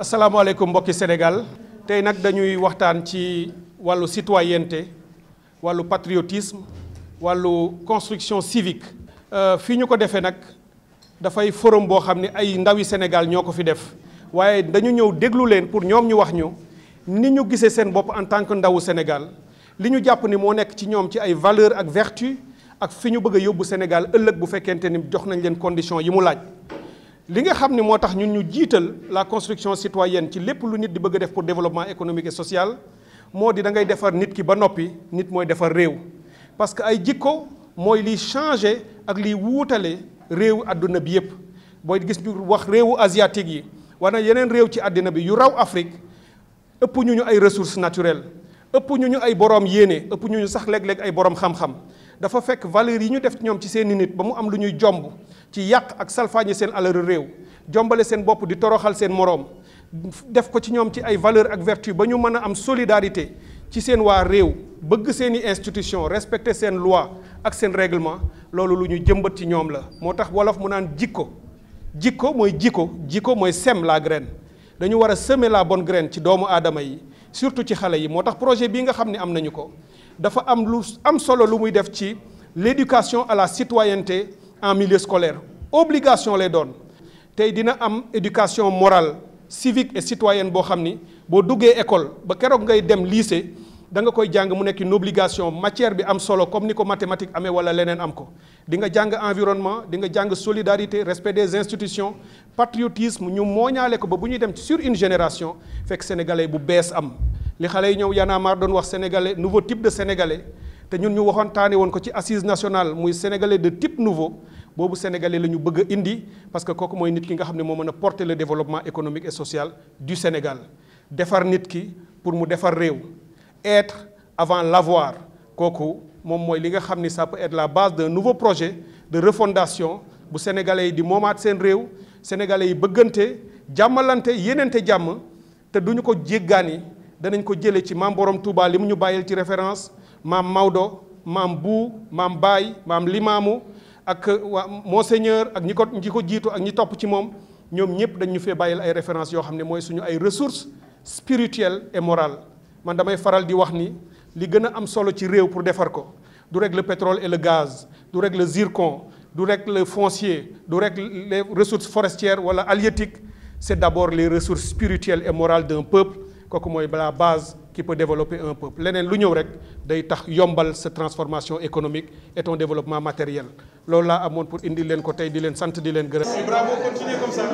asalaamaaleykum mbokki Sénégal tey nak dañuy waxtaan ci walu citoyenneté walu patriotisme walu construction civique. Euh fiñu ko nak da fay forum bo xamni ay ndawi Sénégal ñoko fi def waaye dañu ñëw déglu leen pour ñom ñu wax ñu ni ñu gissé sen bop en tant que ndawu Sénégal Liñu japp ni mo nek ci ñom ci ay valeurs ak vertus ak fiñu bëgg yobbu Sénégal ëlëk bu fekkente ni jox nañ leen condition yi mu laaj li nga xam ne moo tax ñun ñu jiital la construction citoyenne ci lépp lu nit di bëgg def pour développement économique et social moo di da ngay defar nit ki ba noppi nit mooy defar réew parce que ay jikko mooy liy changé ak liy wuutale réewu àdduna bi yépp booy gis ñu wax réewu asiatique yi wala yeneen réew ci àddina bi yu raw Afrique ëpp ñu ñu ay ressources naturelles ëpp ñu ñu ay boroom yéene ëpp ñu ñu sax léeg-léeg ay boroom xam-xam da fa fek valeur yi ñu def ñom ci seen nit ba mu am lu ñuy jomb ci yaq ak salfañu seen alalu rew jombalé seen bop di toroxal seen morom def ko ci ñom ci ay valeur ak vertu ba ñu mëna am solidarité ci seen wa rew bëgg seen institution respecter seen loi ak seen règlement loolu lu ñu jëmbat ci ñom la motax wolof mu naan jikko jikko moy jikko jikko moy sem la graine dañu wara a semer la bonne graine ci doomu aadama yi surtout ci xalé yi motax projet bi nga xamni am nañu ko dafa am lu am solo lu muy def ci l'éducation à la citoyenneté en milieu scolaire obligation les doon tay dina am éducation morale civique et citoyenne bohamni, xamni bo duggé école ba kérok ngay dem lycée da nga koy jang mu nek une obligation matière bi am solo comme ni ko mathématique amee wala leneen am ko di nga jang environnement di nga jang solidarité respect des institutions patriotisme ñu mooñaale ko ba bu dem sur une génération fek sénégalais bu am li xale yana ñëw mar doon wax sénégalais nouveau type de sénégalais té ñun ñu waxon taane won ko ci assise nationale muy sénégalais de type nouveau bobu sénégalais lañu bëgg indi parce que koko moy nit ki nga xamné mo porter le développement économique et social du Sénégal defar nit ki pour mu défar réew être avant l'avoir peut être la base d'un nouveau projet de refondation bu sénégalais di moomaat sénégalais yi Jamalante, Yenente yénente jàmm te duñu ko jéggaani ko ci maam borom Touba ñu référence maam Maudo, maam Bou maam Baye maam Limamou, ak ak ressources spirituelles et morales man damay faral di wax ni li gën a am solo ci réew pour defar ko du rek le pétrole et le gaz du rek le zircon du rek le foncier du rek les ressources forestières wala halieutiques c'est d'abord les ressources spirituelles et morales d'un peuple kooku mooy la base qui peut développer un peuple leneen lu ñëw rek day tax yombal sa transformation économique et ton développement matériel loolu laa amoon pour indi leen ko tey di leen sant di leen gërëm. bravo continuez comme ça.